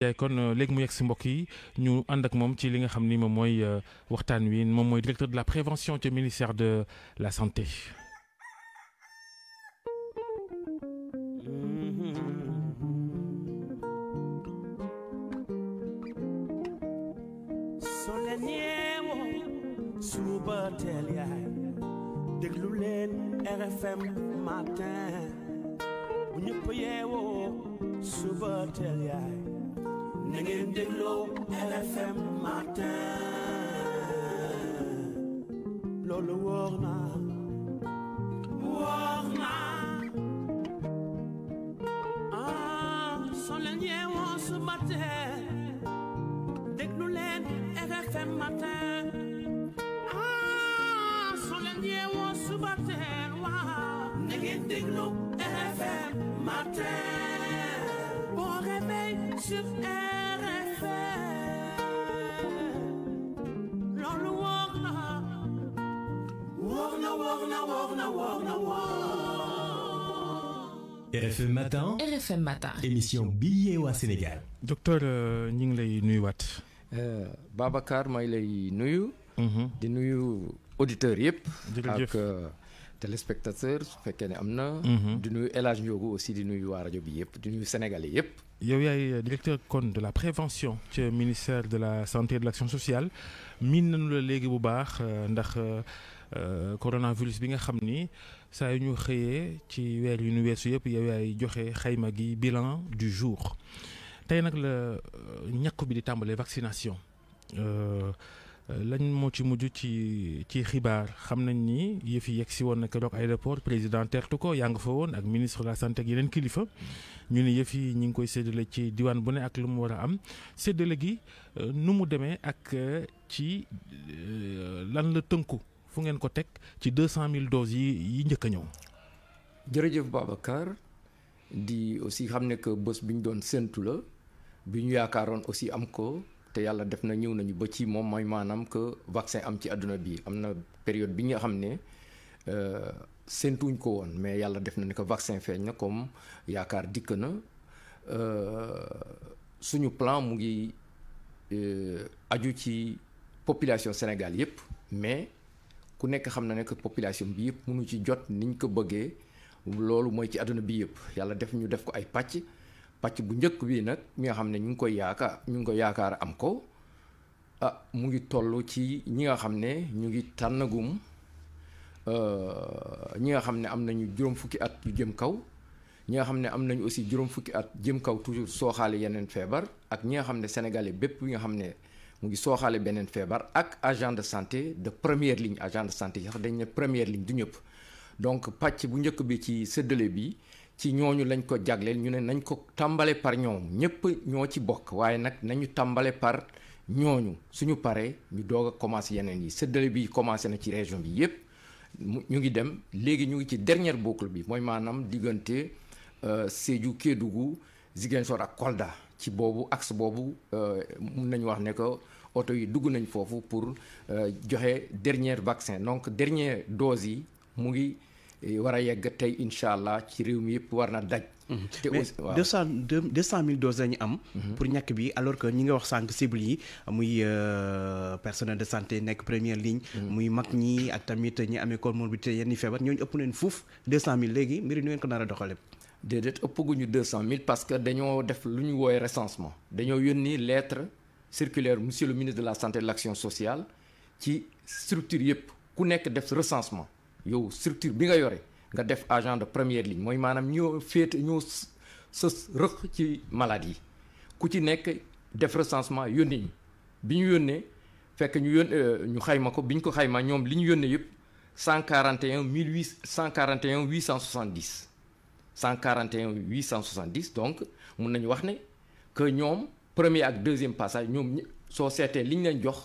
jaay eh, kon euh, léegi mu yegg si mbokk yi ñu ànd ak moom ci li nga xam ni moom mooy euh, waxtaan wi moom mooy directeur de la prévention ci ministère de la santé. na ngeen dégloo RFM matin loolu wóor na wóor ah, soo leen yeewoo su matin déglu leen RFM matin ah soo leen yeewoo su matin waaw na ngeen déglu RFM matin. Sur RFM Matin RFM Matin émission bi yeewaa Sénégal. docteur euh, ñu ngi lay nuyuwaat. Euh, Babacar may lay nuyu. Mhm. di nuyu auditeurs yëpp. ak euh, téléspectateurs su fekkee ne am na. Mhm. di nuyu El Hadj aussi di nuyu waa rajo bi yëpp di nuyu sénégalais yëpp. yow yaay directeur kon de la prévention ci ministère de la santé et de l'action sociale miin nañu la léegi bu baax ndax coronavirus bi nga xam ni. saa yu ñu xëyee ci weer yu nu weesu yëpp yow yaay joxe xayma gi bilan du jour tey nag la euh, ñàkku bi di tàmbalee vaccination euh, euh, lañ moo ci mujj ci ci xibaar xam nañ ni yëf yi yegg si woon na keroog aéroport président tertu ko yaa nga fa woon ak ministre la santé ak yeneen kilifa ñu ne yëf yi ñu ngi koy séddale ci diwaan bu ne ak lu mu war a am séddale gi nu mu demee ak ci lan la tënku. fu ngeen ko teg ci deux cent mille doses yi yi njëkk a ñëw. jërëjëf Babacar di aussi xam ne que bés bi ñu doon séntu la bi ñu yaakaaroon aussi am ko te yàlla def na ñëw nañu ba ci moom mooy maanaam que vaccin am ci àdduna bi am na période bi nga xam ne. Euh, séntuñ ko woon mais yàlla def na ni ko vaccin feeñ na comme yaakaar dikk na euh, suñu plan mu ngi euh, aju ci population Sénégal yépp mais ku nekk xam na ne que population bi yëpp mënu ci jot niñ ko bëggee loolu mooy ci àdduna bi yëpp yàlla def ñu def ko ay pàcc pàcc bu njëkk bii nag mi nga xam ne ñu ngi koy yaakaar ñu ngi koy yaakaar am ko ah mu ngi toll ci ñi nga xam ne ñu ngi tànnagum euh, ñi nga xam ne am nañu juróom fukki at yu jëm kaw ñi nga xam ne am nañu aussi juróom fukki at jëm kaw toujours sooxaale yeneen feebar ak ñi nga xam ne sénégalais bépp bi nga xam ne mu ngi sooxaale beneen feebar ak agent de santé de première ligne agent de santé yi sax dañ ne première ligne du ñëpp donc pàcc bu njëkk bi ci séddale bi ci ñooñu lañ ko jagleel ñu ne nañ ko tàmbale par ñoom ñëpp ñoo ci bokk waaye nag nañu tàmbale par ñooñu suñu paree ñu doog a commencé yeneen yi séddale bi commencé na ci région bi yépp ñu ngi dem léegi ñu ngi ci dernière boucle bi mooy maanaam diggante euh, Sédhiou kéedugu Ziguinchor ak colda ci boobu axe boobu euh, mun nañu wax ne que oto yi dugg nañ foofu pour euh, joxe dernier vaccin donc dernier dose yi mu ngi euh, war a yegg tey incha allah ci réew mi yëpp war na daj. Mhm. te aussi waaw deux cent deux cent mille doses la am. Mhm. pour ñàkk bi alors que ñi nga wax sànq cible yi muy personnel de santé nekk première ligne. Mhm. muy mag ñi ak tamit ñi amee comorbidité yenn feebar ñooñu ëpp neen fuuf deux cent mille léegi mbir yi nu ngeen ko nar a doxalee. déedéet ëppaguñu deux cent mille parce que dañoo def lu ñu woowee recensement dañoo yónni lettre circulaire monsieur le ministre de la santé de l'action sociale ci structure yëpp ku nekk def recensement yow structure bi nga yore nga def agent de première ligne mooy maanaam ñoo féete ñoo sës rëq ci malade yi ku ci nekk def recensement yónni ñu bi ñu yónnee fekk ñu yón euh, ñu xayma ko bi ñu ko xayma ñoom li ñu yónnee yëpp cent quarante et un mille huit cent quarante un cent soixante-dix cent cent quarante 141 870 donc mun nañu wax ne que ñoom premier ak deuxième passage ñoom soo seetee li ñu leen jox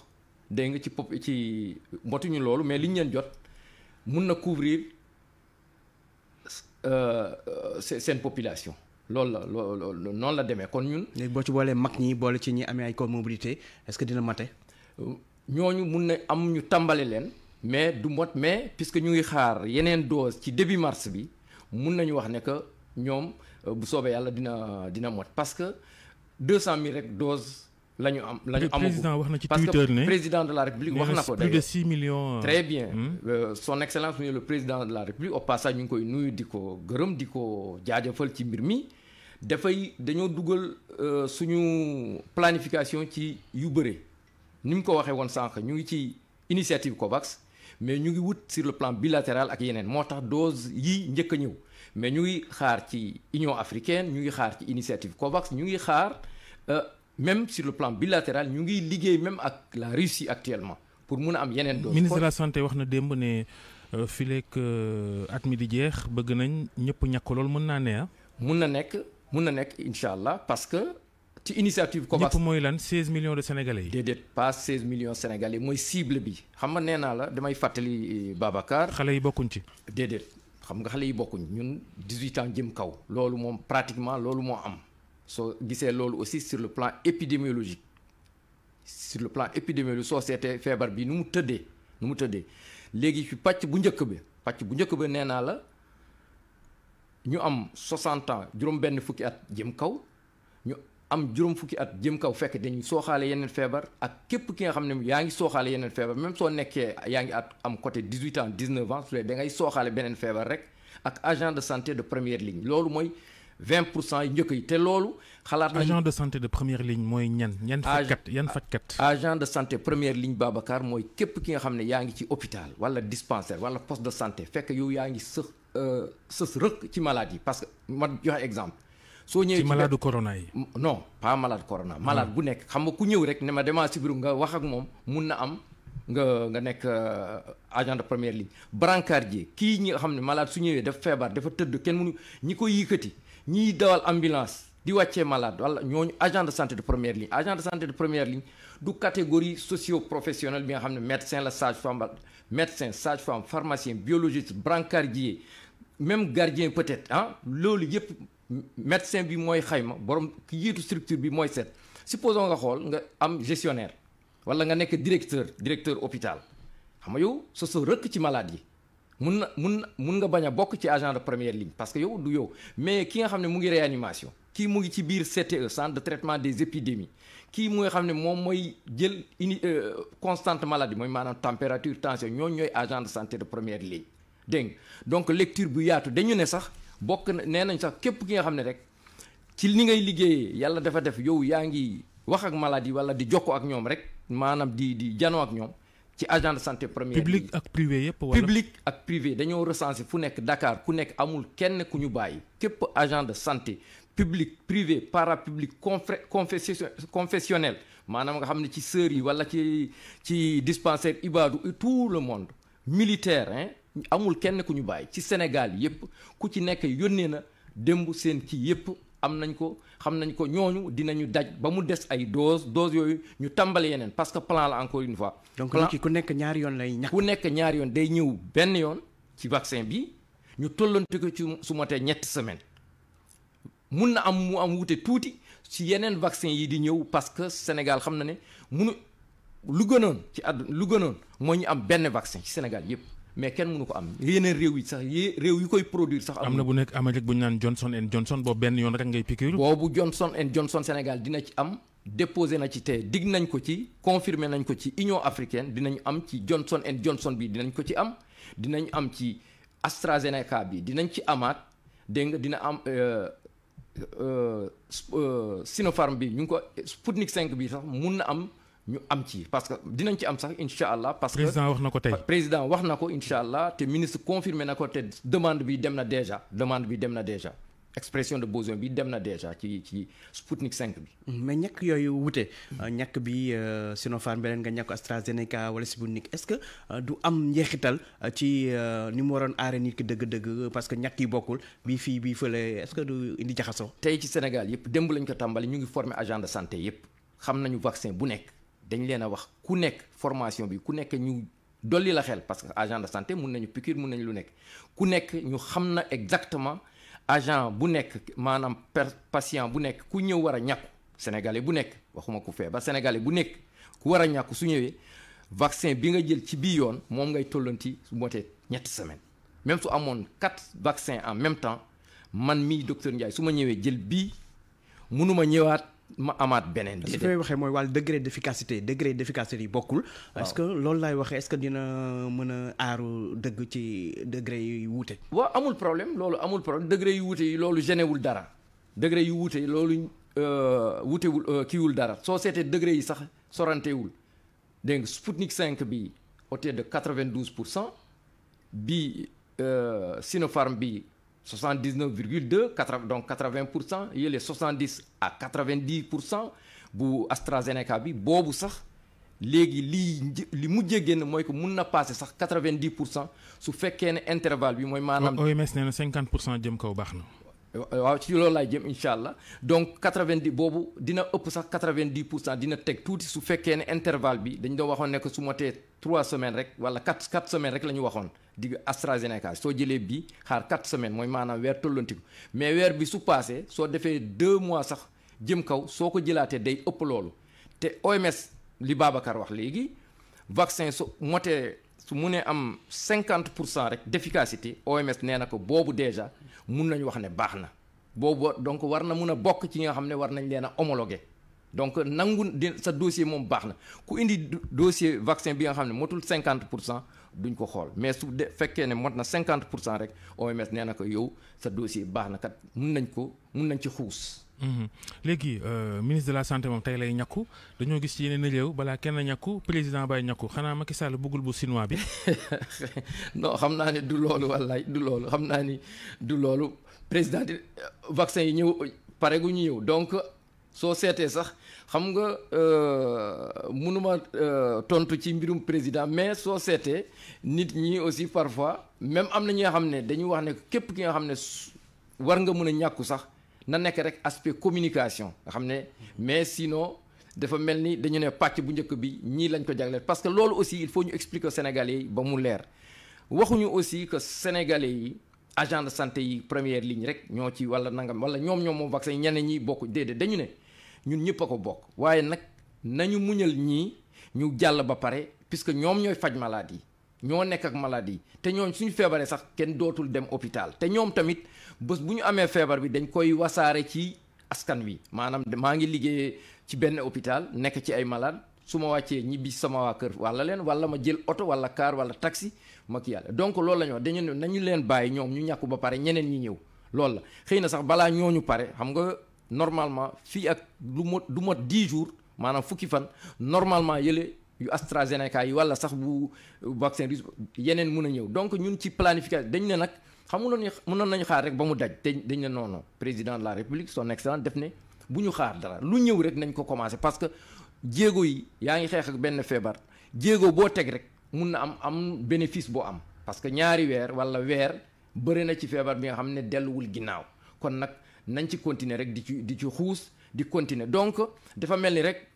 dégg nga ci pop ci motuñu loolu mais li ñu leen jot mun na couvrir euh, euh, seen population. loolu la loolu noonu la demee kon ñun. léegi boo ci boolee mag ñi boole ci ñi amee ay comorbidité est que dina mate. Euh, ñooñu mun na am ñu tàmbali leen mais du mot mais que ñu ngi xaar yeneen doos ci début mars bi. mun nañu wax ne que ñoom euh, bu soobee yàlla dina dina mot parce que 200000 rek dose la ñu am la ñu amagu président wax na ci Twitter ne président de la république wax na ko plus de 6 millions. Euh, très bien hmm? euh, son excellence monsieur le président de la république au passage ñu ngi koy nuyu di ko gërëm di ko jaajëfal ci mbir mi dafay dañoo dugal suñu planification ci yu bëre ni mu ko waxee woon sànq ñu ngi ci initiative COVAX. mais ñu ngi wut sur le plan bilatéral ak yeneen moo tax dose yi njëkk a ñëw mais ñu ngi xaar ci Union africaine ñu ngi xaar ci initiative COVAX ñu ngi xaar euh, même sur le plan bilatéral ñu ngi liggéey même ak la Russie actuellement pour mun a am yeneen dose. ministre la santé wax na démb ne euh, fileek euh, at mi di jeex bëgg nañ ñëpp ñàkk loolu mën naa ne ah. mun na nekk mun na nekk incha allah parce que. ci initiative COVAS mooy lan 16 millions de sénégalais yi. déedéet pas 16 millions sénégalais mooy cible bi xam nga nee naa la damay fàttali eh, Babacar. xale yi bokkuñ ci. déedéet xam nga xale yi bokkuñ ñun 18 ans jëm kaw. loolu moom pratiquement loolu moo am soo gisee loolu aussi sur le plan épidémiologique sur le plan épidémiologique soo seetee feebar bi nu mu tëddee nu mu tëddee léegi fi pàcc bu njëkk bi pàcc bu njëkk bi nee naa la. ñu am 60 ans juróom benn fukki at jëm kaw am juróom fukki at jëm kaw fekk dañuy sooxaale yeneen feebar ak képp ki nga xam ne yaa ngi sooxaale yeneen feebar même soo nekkee yaa ngi at am côté dix huit ans dix neuf ans su dee da ngay sooxaale beneen feebar rek ak agent de santé de première ligne loolu mooy vingt pour cent yi njëkk yi te loolu. xalaat nañu agent de santé de première ligne mooy ñan. ñan fajkat yan fajkat. agent de santé première ligne Babacar mooy képp ki nga xam ne yaa ngi ci hôpital wala dispensaire wala poste de santé fekk yow yaa ngi sës euh, sës rëkk ci maladie parce que ma joxe exemple. soo ñëwee ci malade corona yi. non pas malade corona ah. malade bu nekk xam nga ku ñëw rek ne ma demaa sibiru nga wax ak moom mun na am nga nga nekk euh, agent de première ligne brancardier kii ñi nga xam ne malade su ñëwee dafa feebar dafa tëdd kenn munu ñi koy yëkkati ñiy dawal ambulance. di wàccee malade wala ñooñu agent de santé de première ligne agent de santé de première ligne du catégorie socio-professionnelle bi nga xam ne médecin la sage-femme médecin sage-femme pharmacien biologiste brancardier même gardien peut-être ah loolu yëpp médecin bi mooy xayma borom ki jiitu structure bi mooy seet supposons nga xool nga am gestionnaire wala nga nekk directeur directeur hôpital xam nga yow sa sa rëkk ci malade mun na mun mun nga bañ a bokk ci agent de première ligne parce que yow du yow mais ki nga xam ne mu ngi réanimation kii mu ngi ci biir CTE centre de traitement des épidémies kii mu nga xam ne moom mooy jël une euh, constante maladie mooy maanaam température tension ñooñu ñooy agent de santé de première ligne dégg dañu ne sax bokk na nee nañ sax képp ki nga xam ne rek ci li ngay liggéeyee yàlla dafa def yow yaa ngi wax ak maladie wala di jokko ak ñoom rek maanaam di di janoo ak ñoom ci agent de santé première public ak privé yëpp wala public ak privé dañoo recensé fu nekk Dakar ku nekk amul kenn ku ñu bàyyi képp agent de santé publique privé parapublic confession confessionnel maanaam nga xam ne ci sœurs yi wala ci ci dispensaire Ibadu tout le monde militaire hein amul kenn ku ñu bàyyi ci Sénégal yépp ku ci nekk yónnee na démb seen kii yépp am nañ ko xam nañ ko ñooñu dinañu daj ba mu des ay doos dose yooyu ñu tàmbali yeneen parce que plan la encore une fois. donc nit ki ku nekk ñaari yoon lay ñàkk ku nekk yoon day ñëw benn yoon ci vaccin bi ñu tollante ko ci su ma tee ñetti semaine mun na am mu am wute tuuti ci yeneen vaccin yi di ñëw parce que Sénégal xam na ne munu lu gënoon ci àdduna lu gënoon moo ñu am benn vaccin ci Sénégal yépp mais kenn mënu ko am yeneen réew yi sax yi réew yi koy produit sax. am na bu nekk Amérique bu ñu naan Johnson and Johnson boobu benn yoon rek ngay piqûre. boobu Johnson and Johnson Sénégal dina ci am déposé na ci te dig nañ ko ci confirmé nañ ko ci Union africaine dinañ am ci Johnson and Johnson bi dinañ ko ci am dinañ am ci AstraZeneca bi dinañ ci amaat dégg nga dina am. Euh, euh, euh, Sinopharm bi ñu ngi ko Sputnik 5 bi sax mun na am. ñu am ci parce que dinañ ci am sax incha allah. parce que président wax na ko tey wax na ko incha allah te ministre confirmé na ko te demande bi dem na déjà demande bi dem na déjà expression de besoin bi dem na déjà ci ci Sputnik 5 bi. mais ñàkk yooyu wute. ñàkk bi euh, Sinopharm beneen nga ñàkk AstraZeneca wala Sputnik est-ce que euh, du am njeexital euh, ci ni mu waroon aare nit dëgg-dëgg parce que ñàkk yi bokkul bii fii bii fële est-ce que du indi jaxasoo. tey ci Sénégal yëpp démb lañ ko tàmbali ñu ngi former agent yëpp xam nañu vaccin bu nekk. dañu leen a wax ku nekk formation bi ku nekk ñu dolli la xel parce que agent de santé mun nañu piqûre mun nañu lu nekk ku nekk ñu xam na exactement agent bu nekk maanaam per bu nekk ku ñëw war a ñàkku sénégalais bu nekk waxuma ku ba sénégalais bu nekk ku war a ñàkku su ñëwee vaccin bi nga jël ci bii yoon moom ngay tollanti su motee ñetti semaine même su amoon quatre vaccins en même temps man mii docteur Ndiaye su ma ñëwee jël bii munuma ñëwaat. ma amaat beneen. déedéet fi may waxee mooy wàllu degré d' efficacité degré d' yi bokkul. est que loolu laay waxee est ce que dina mën a aaru dëgg ci degré yu wuute. waaw amul problème loolu amul problème degré yu wuute yi loolu génewul dara degré yu wuute yi loolu euh, wuutewul euh, kiiwul dara soo seetee degré yi sax sorantewul dégg nga Sputnik 5 bi au de 92 pour cent bii euh, Sinopharm bi 79 virgule 2 80 donc 80 pour cent yële 70 à 90 pour cent bu AstraZeneca bi boobu sax léegi lii li mujjee génn mooy que mun na passé sax 90 pour cent su fekkee ne intervalle bi mooy. maanaam OMS nee na 50 pour cent jëm kaw baax na. waaw ci loolu laay jëm incha allah donc quatre-vingt-dix boobu dina ëpp sax quatre-vingt-dix pour cent dina teg tuuti su fekkee ne intervalle bi dañ doon waxoon nekk su motee trois semaines rek wala quatre quatre semaines rek la ñu waxoon di AstraZeneca soo jëlee bii xaar quatre semaines mooy maanaam weer tollantiku mais weer bi su paasee soo defee deux mois sax jëm kaw soo ko jëlaatee day ëpp loolu te OMS li Babacar wax léegi vaccin su motee su munee am cinquante pour cent rek d'efficacité OMS nee na ko boobu déjà mun nañu wax ne baax na boobu donc war na mun a bokk ci nga xam ne war nañ leen a homologué donc nangu sa dossier moom baax na ku indi dossier vaccin bi nga xam ne motul cinquante pour cent duñ ko xool mais su de fekkee ne mot na 50 pour cent rek OMS nee na ko yow sa dossier baax na kat mun nañ ko mun nañ ci xuus. Mhm. léegi euh, ministre de la santé moom tey lay ñakku dañoo gis ci yeneen réew balaa kenn ñakku président bay ñakku xanaa Macky Sall bëggul bu chinois bi. non xam naa ne du loolu wallaay du loolu xam naa ni du loolu président vaccin yi ñëw pare gu ñu ñëw donc. soo seetee sax xam nga euh, mënuma euh, tontu ci mbirum président mais soo seetee nit ñi aussi parfois même am na ñi nga xam ne dañu wax ne képp ki nga xam ne war nga mën a ñàkku sax na nekk rek aspect communication nga xam ne mais sinon dafa mel ni dañu ne pàcc bu njëkk bi ñii lañ ko jagleel parce que loolu aussi il faut ñu expliquer Sénégalais ba mu leer waxuñu aussi que Sénégalais yi agent de santé yi première ligne rek ñoo ci wala nangam wala ñoom ñoom moom vaccin ñeneen ñi bokk déedéet dañu ne ñun ñëpp a ko bokk waaye nag nañu muñal ñii ñu jàll ba pare puisque ñoom ñooy faj maladie ñoo nekk ak maladie te ñooñ suñu feebaree sax kenn dootul dem hôpital te ñoom tamit bés bu ñu amee feebar bi dañ koy wasaare ci askan wi maanaam maa ngi liggéeyee ci benn hôpital nekk ci ay malade su ma wàccee ñibbi sama waa kër wala leen wala ma jël oto wala kaar wala taxi ma ki yàlla donc loolu la ñu wax dañu ne nañu leen bàyyi ñoom ñu ñàkku ba pare ñeneen ñi ñëw normalement fii ak du mot du mot dix jours maanaam fukki fan normalement yële yu AstraZeneca yi wala sax bu vaccin russe yeneen mun a ñëw donc ñun ci planification dañ ne nag xam nga mënoon nañu xaar rek ba mu daj te dañ ne noonu président de la république son excellence def ne bu ñu xaar dara lu ñëw rek nañ ko commencé parce que jéego yi yaa ngi xeex ak benn feebar jéego boo teg rek mun na am am bénéfice boo am parce que ñaari weer wala weer bëri na ci feebar bi nga xam ne delluwul ginnaaw nañ ci continuer rek di ci di ci xuus di continuer donc dafa mel ni rek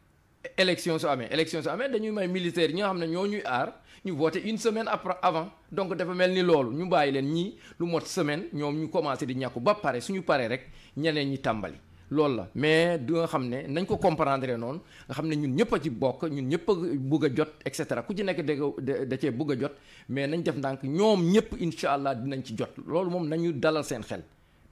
élection su amee élection su amee dañuy may militaire yi nga xam ne ñoo ñuy aar ñu voté une semaine après avant donc dafa mel ni loolu ñu bàyyi leen ñii lu mot semaine ñoom ñu commencé di ñàkku ba pare suñu paree rek ñeneen ñi tàmbali loolu la mais du nga xam ne nañ ko comprendre noonu nga xam ne ñun ñëpp a ci bokk ñun ñëpp a bugg a jot et cetera ku ci nekk da cee bugg a jot mais nañ def ndànk ñoom ñëpp incha allah dinañ ci jot loolu moom nañu dalal seen xel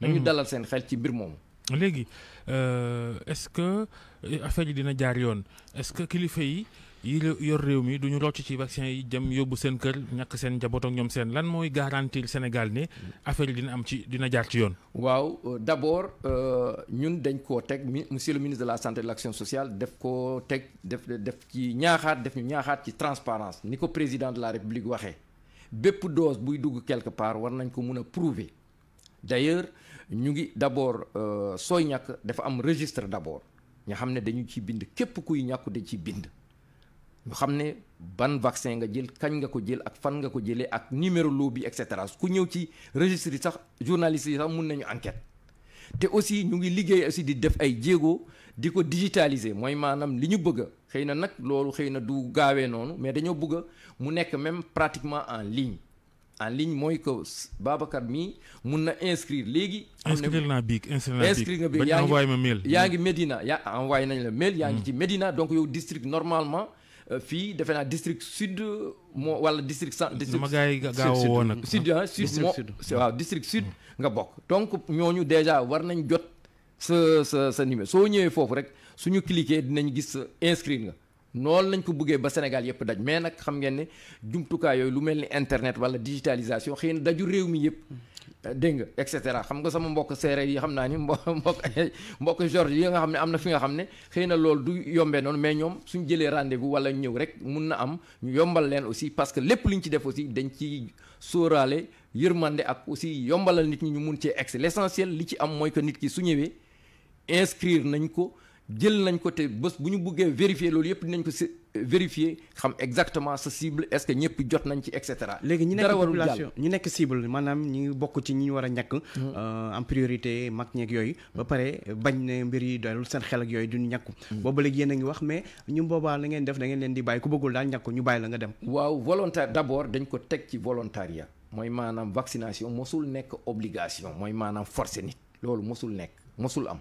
dañu mhm. dalal seen xel ci mbir moomu. léegi euh, est-ce que euh, affaire yi dina jaar yoon est-ce que kilifa yi yi yor réew mi duñu rocc ci vaccin yi jëm yóbbu seen kër ñàkk seen njaboot ak ñoom seen lan mooy garantir Sénégal ni affaire yi dina am ci dina jaar ci yoon. waaw euh, d'abord ñun dañ koo teg monsieur le ministre de la santé de l'action sociale def koo teg def def ci ñaaxaat def ñu ñaaxaat ci transparence ni ko président de la république waxee bépp dose buy dugg quelque part war nañ ko mun a prouver ñu ngi d'abord euh, sooy ñàkk dafa am registre d'abord ña xam ne dañu ci bind képp kuy ñàkku dañ ci bind ñu xam ne ban vaccin nga jël kañ nga ko jël ak fan nga ko jëlee ak numéro loo bi et cetera ku ñëw ci registre yi sax journaliste yi sax mun nañu enquête te aussi ñu ngi liggéey aussi di def ay jéego di ko digitaliser mooy maanaam li ñu bëgg xëy na nag loolu xëy na du gaawee noonu mais dañoo bëgg mu nekk même pratiquement en ligne en ligne mooy que Babacar mii mun na inscrire léegi. inscrire naa biig inscrire nga biig yaa ngi mail yaa ngi médina yaa envoyé nañ la mail. yaa ngi mm. ci médina donc yow district normalement euh, fii defe naa district sud moo wala district sant district ma gars yi gaaw a woo nag sud ah sud moo nga bokk. donc ñooñu déjà war nañ jot sa sa sa numéro soo ñëwee foofu rek suñu cliquer dinañ gis inscrire nga. noonu lañ ko buggee ba Sénégal yëpp daj mais nag xam ngeen ne jumtukaay yooyu lu mel ni internet wala digitalisation xëy daju réew mi yëpp. dégg nga et cetera xam nga sama mbokk séeréer yi xam naa ni mbo mbokk mbokk George yi nga xam ne am na fi nga xam ne xëy na loolu du yombee noonu mais ñoom suñ jëlee rendez-vous wala ñëw rek mun na am ñu yombal leen aussi parce que lépp luñ ci def aussi dañ ci sooraale yërmande ak aussi yombalal nit ñi ñu mun ci egg l'essentiel li ci am mooy que nit ki su ñëwee nañ ko. jël nañ ko te bés bu ñu buggee vérifier loolu yëpp dinañ ko si euh, vérifier xam exactement sa cible est-ce que ñëpp jot nañ ci et cetera. léegi ñi nekk population ñi nekk cible maanaam ñi bokk ci ñi ñu war a ñàkk. Euh, en priorité mag ñeek yooyu. ba pare bañ ne mbir yi doyul seen xel ak yooyu duñu ñàkku. boobu léegi yéen a ngi wax mais ñu boobaa nangeen def da ngeen leen di bàyyi ku bëggul daal ñàkku ñu bàyyi la nga dem. waaw volontaire d'abord dañ ko teg ci ya mooy maanaam vaccination mosul nekk obligation mooy maanaam forcer nit. loolu mosul nekk mosul am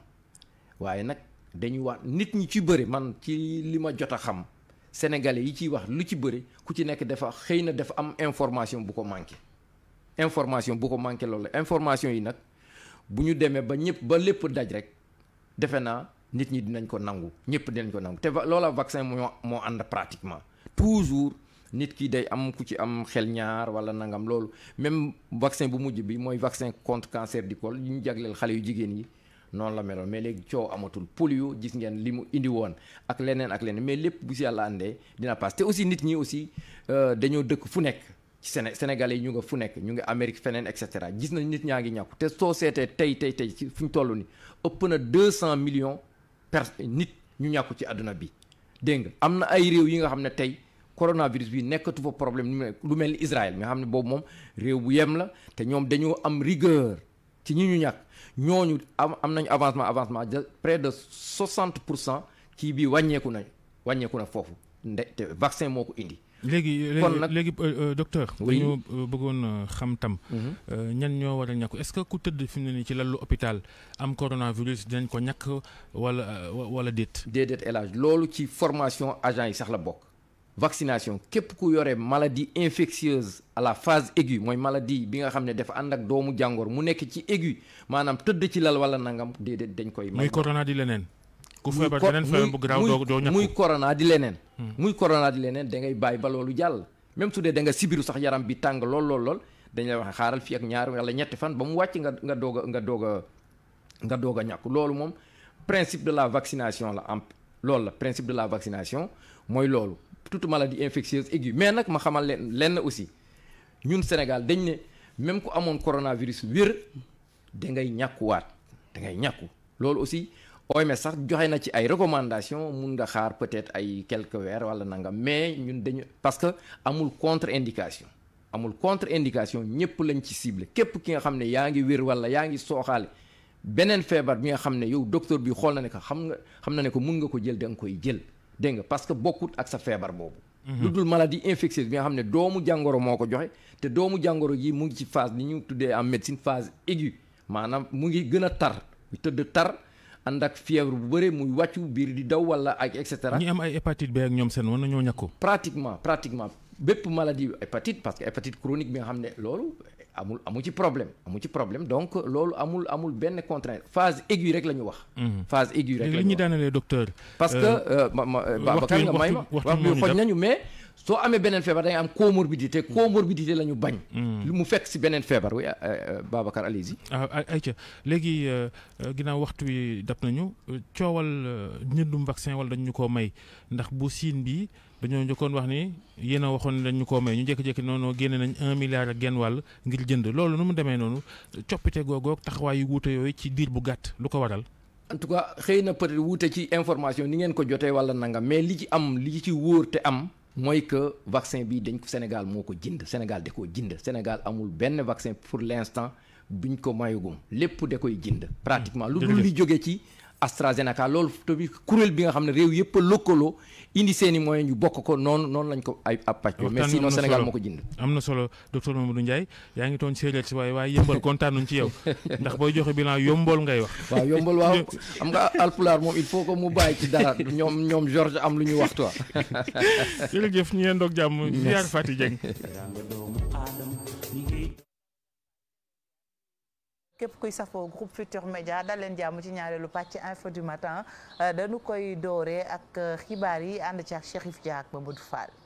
dañu wax nit ñi ci bëri man ci li ma jot a xam sénégalais yi ciy wax lu ci bëri ku ci nekk dafa xëy na dafa am information bu ko manqué information bu ko manqué loolu information yi nag bu ñu demee ba ñëpp ba lépp daj rek defe naa nit ñi dinañ ko nangu ñëpp dinañ ko nangu te loola vaccin moo moo ànd pratiquement toujours nit ki day am ku ci am xel ñaar wala nangam loolu même vaccin bu mujj bi mooy vaccin contre cancer du col yu ñu jagleel xale yu jigéen yi noonu la meloon mais léegi coow amatul polio gis ngeen li mu indi woon ak leneen ak leneen mais lépp bu si àlla àndee dina paas te aussi nit ñi aussi euh, dañoo dëkk fu nekk ci Séné Sénégalais yi ñu nga fu nekk ñu ngi Amérique feneen et cetera gis nañ nit ñaa ngi ñàkku te soo seetee tey tey tey ci fu ñu toll ni ëpp na 200 millions pers nit ñu ñàkku ci àdduna bi dégg nga am na ay réew yi nga xam ne tey coronavirus bi nekkatu fa problème lu mel ni Israël mi nga xam ne boobu moom réew bu yem la te ñoom dañoo am rigueur ci ñi ñu ñàkk ñooñu am am nañu avancement avancement de près de 60 pour cent kii bi wàññeeku na wàññeeku na foofu nde te vaccin moo ko indi. léegi kon nag léegi euh, euh, docteur. oui dañoo euh, bëggoon xam tam. Mhm. ñan ñoo war a ñàkku est-ce que ku tëdd fi mu ne nii ci lalu hôpital am coronavirus dinañ ko ñàkk wala wala déet. déedéet El loolu ci formation agent yi sax la bokk. vaccination képp ku yore maladie infectieuse à la phase aiguë mooy maladie bi nga xam ne dafa ànd ak doomu jàngoor mu nekk ci aiguë maanaam tëdd ci lal wala nangam déedéet dañ koy. may muy corona di leneen. ku feebar beneen feebar doo doo muy corona di leneen. muy corona di leneen da ngay bàyyi ba loolu jàll. même su dee da nga sibiru sax yaram bi tàng lool lool lool dañ lay wax xaaral fii ak ñaar wala ñetti fan ba mu wàcc nga nga doog a nga doog nga doog a ñàkk loolu moom principe de la vaccination la am. loolu la principe de la vaccination mooy loolu toute maladie infectieuse aiguë mais nag ma xamal leen lenn aussi ñun Sénégal dañ ne même ku amoon coronavirus wér da ngay ñàkkuwaat dangay ngay ñàkku loolu aussi OMS sax joxe na ci ay recommandations mun nga xaar peut-être ay quelques weer wala nangam mais ñun dañu parce que amul contre-indication amul contre-indication ñëpp lañ ci ciblé képp ki nga xam ne yaa ngi wér wala yaa ngi sooxaale beneen feebar bi nga xam ne yow docteur bi xool na ne ko xam nga xam na ne ko mun nga ko jël da koy jël dégg nga parce que bokkut ak sa feebar boobu. Mhm. lu dul maladie infectieuse bi nga xam ne doomu jàngoro moo ko joxe te doomu jàngoro yi mu ngi ci phase ni ñu tuddee en médecine phase aiguë maanaam mu ngi gën a tar tëdd tar. ànd ak fièvre bu bëree muy wàccu biir di daw wala ak et cetera. ñi am ay hépatite B ak ñoom seen war nañoo ñàkk ko. pratiquement pratiquement bépp maladie hépatite parce que hépatite chronique bi nga xam ne loolu amul amul ci problème amul ci problème donc loolu amul amul benn contrainte phase aiguë rek la ñu wax. Mhm. phase aiguë rek ñu wax li ñu daanalee docteur. parce que euh, euh, ma ma euh, Babacar may ma waxtu bi nañu mais. soo amee beneen feebar dangay am comorbidité comorbidité la ñu bañ. Mm. lu mu fekk si beneen feebar oui euh, euh, Babacar Alési. Ah, ah ayca léegi euh, ginnaaw waxtu wi dab nañu coowal njëndum vaccin wala dañ ñu koo may ndax bu siin bii dañoo njëkkoon wax ni yéen a waxoon dañu dañ koo may ñu jékki-jékki noonu génne nañ un milliard ak genn wàll ngir jënd loolu nu mu demee noonu coppite googoog taxawaay yu wuute yooyu ci diir bu gàtt lu ko waral. en xëy na peut-être ci information ni ngeen ko jotee wala nangam mais li ci am li ci wóor te am. mooy que vaccin bi dañ ko Sénégal moo ko jënd Sénégal da koo jind Sénégal amul benn vaccin pour l'instant buñ ko mayugum lépp da koy jënd pratiquement lu dul li jóge ci AstraZeneca loolu tamit kuréel bi nga xam ne réew yëpp a lëkkaloo indi seen i moyens bokk ko noonu noonu lañ ko ay ab pàcc. mais sinon Sénégal moo ko jënd. am na solo docteur Mamadou Ndiaye yaa ngi doon séeréer si waaye waaye yëmbal kontaan nañ ci yow ndax booy joxe bilan yombol ngay wax. waaw yombol waaw xam nga alpulaar moom il faut que mu bàyyi ci dara ñoom ñoom George am lu ñu wax quoi. jërëjëf ñu yendoog jàmm. merci Fatou Dieng. képp kuy safoo groupe Futur Média dal leen jàmm ci ñaareelu pàcc info du matin dañu koy dooree ak xibaar yi ànd ci ak Chérif Dia ak Mamadou fal